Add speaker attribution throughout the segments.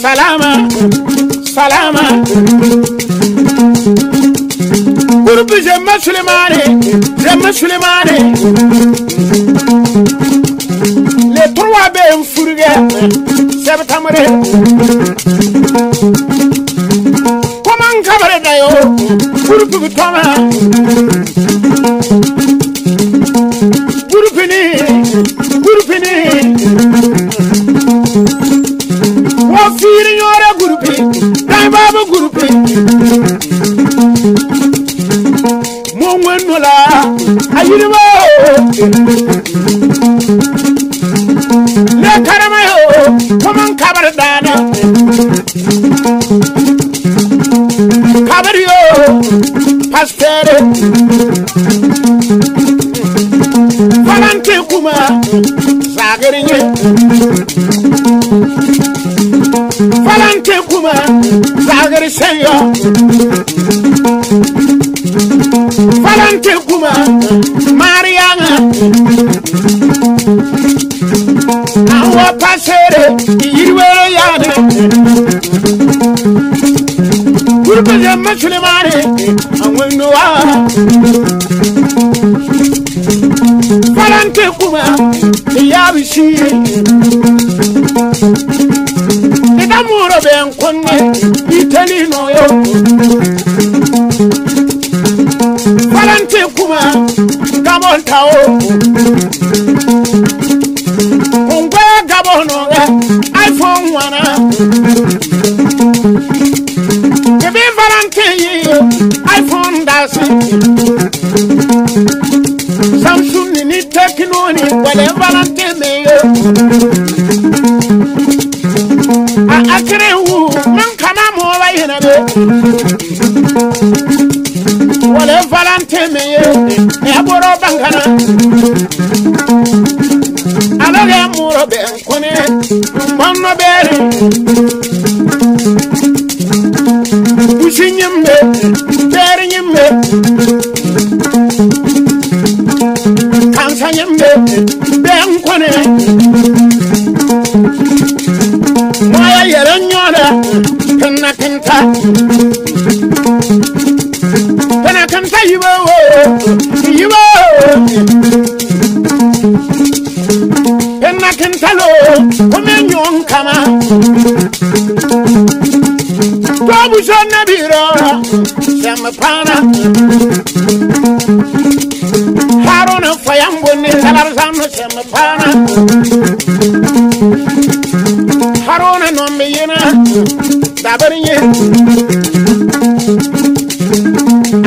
Speaker 1: Salama, salama. Grubu Cemma Süleymane, Cemma Süleymane. Le trois ben furge, sebe tamare. Koman kabare dayo, grubu toma. wen nola a yiriwa o ne karama o kuma kabar dana kabar yo pastere falante kuma zagarinye falante kuma zagarin sanya Sante kuma Mariana Awa pasere Yirwere yane Kurbaja Masulemane Awinduwa Falante kuma Yabishi Ida muro ben konne Itali noyo Usinyambe, Darinyambe, Kansanyambe, Benkone, Maya Yeranyana, Pinakinta. sama Tobu sana biro, sama pana Haruna fayambo ni salar sama pana Haruna nombe yena dabarinye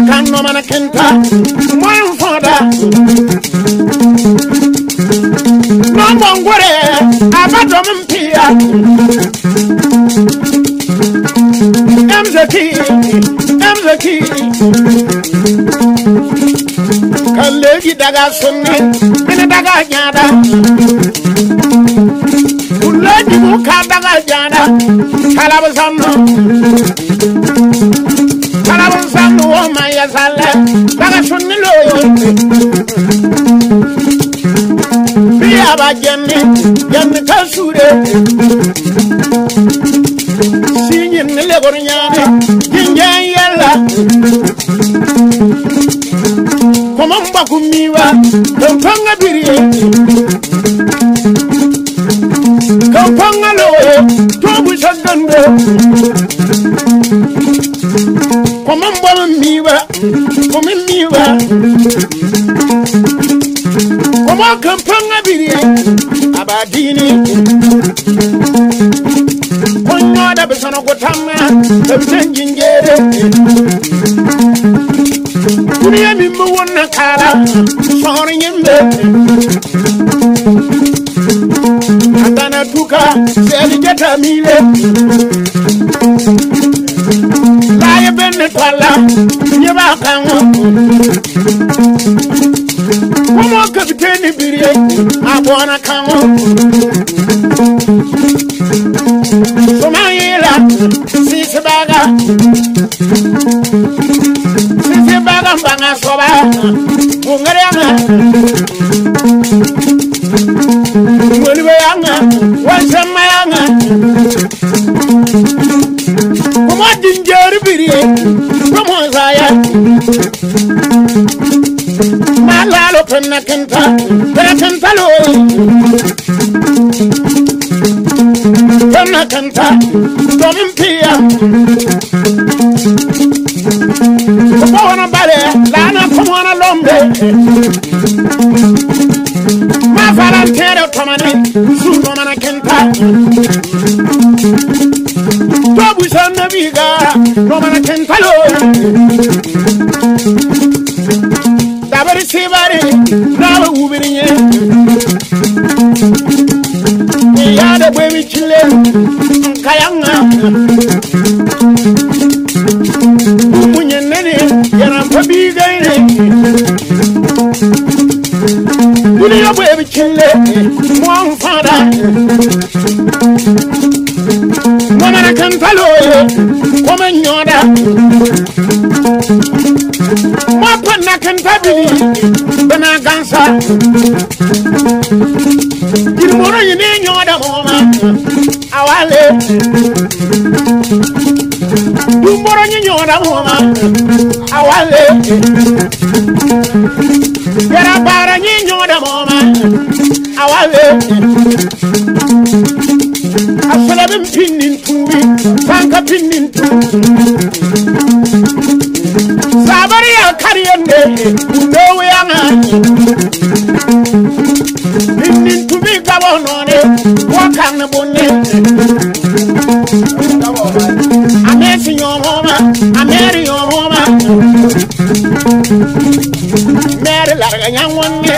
Speaker 1: Akan nomana kenta Mwen foda Nombongore Abadome I'm the king, I'm the king. Kalegi daga sunne, ina daga jada. Kulegi buka daga jada, kalabu sannu. Kalabu sannu, oh my yasale, daga sunni loyo baba jemmi jemmi tan suuɗe siñinni legor ñaame jinjan yalla komon baku miwa ton ponga biriye kan ponga lowoye tobu saggando komon bolon miwa komin miwa komo kan ponga kama ebitengi ngere duniya min bɛ wɔn na kaara sɔɔri nye mbɛ a kana tuka sɛlijɛ ta miire laaye bɛ ne tɔ la nye b'a kan wa kɔmɔ kapitɛni biri a bɔnna kan wa. wongere yanga welibe yanga wansema yanga kuma dinjeri malalo penna kenta pera kenta loyi Ma farantere tomane su tomane kenta Tobu sanna biga tomane kenta lo Dabari sibari rawa ubirinye Iyade bwebi chile kayanga Kuni ya bwe bichile Mwa mfada Mwa mana kantalo Mwa nyoda Mwa pana kantabili Bana gansa Ilmoro yine nyoda moma Awale Dumboro nyoda moma Awale awawe asalabin pinnin tubi fanka pinnin tubi sabari ya karyan ne kunde wuyan ani pinnin tubi gabo none wakan bonne amesi yomoma ameri yomoma meri larga nyangwanne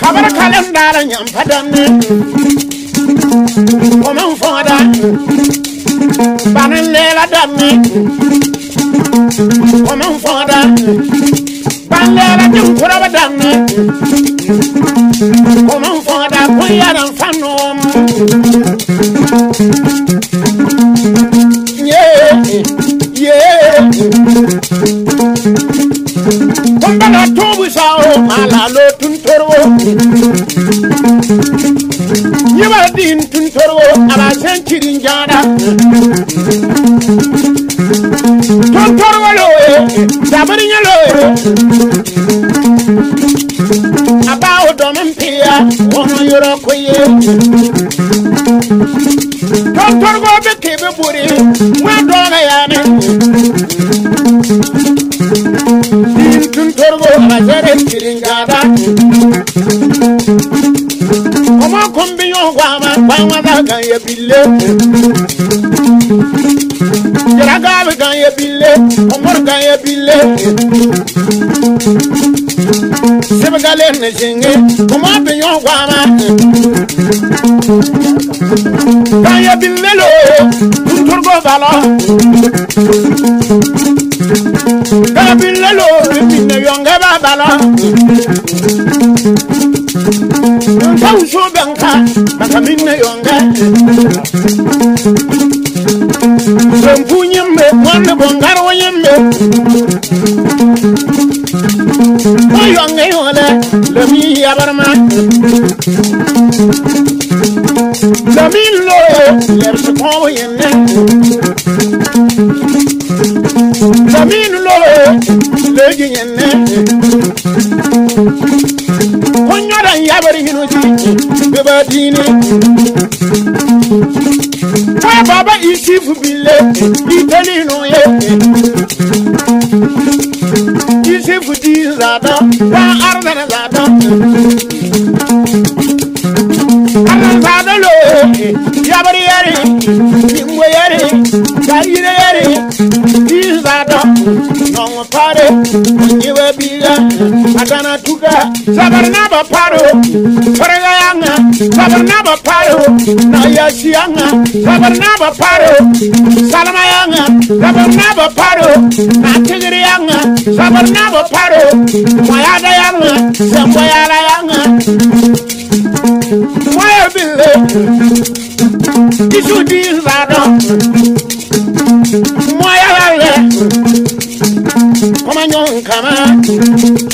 Speaker 1: kabara kalas dara nyam padame komen foda banen lela dame komen foda ban lela jim kuraba dame komen foda kun yaran fanno You are the nyɛba din tuntɔrɔ a b'a sɛn kiri jaara tuntɔrɔ lo ye dabiri nyɛ lo ye a b'a o dɔmi piya wɔnɔ yɔrɔ ko ye tuntɔrɔ bɛ k'e bɛ bori ŋa dɔgɔya kan ye bile. Jaragabe kan ye bile, Omar kan ye bile. Sebegale ne jenge, Oma be yon gwama. Kan ye bile lo, Turgo bala. Kan ye bile lo, Lepine yonge ba bala. Nta uso benka, amine yongate sempu nyembe mwana bongaro yembe oyonge yole lemi yabarma lemi loye lerse kowo yenne lemi loye leji yenne yabari hinu ti beba dini fa baba iti fubile iteli nu ye iti futi zada fa arzana zada arzana zada lo yabari yari imwe yari ka Sabernaba paro, Paragayanga, Sabernaba paro, Nayashianga, Sabernaba paro, Salamayanga, Sabernaba paro, Natigrianga, Sabernaba paro, Mayadayanga, Sambayarayanga. Why are you there? Did you do that? Why are you there? Come on, come on.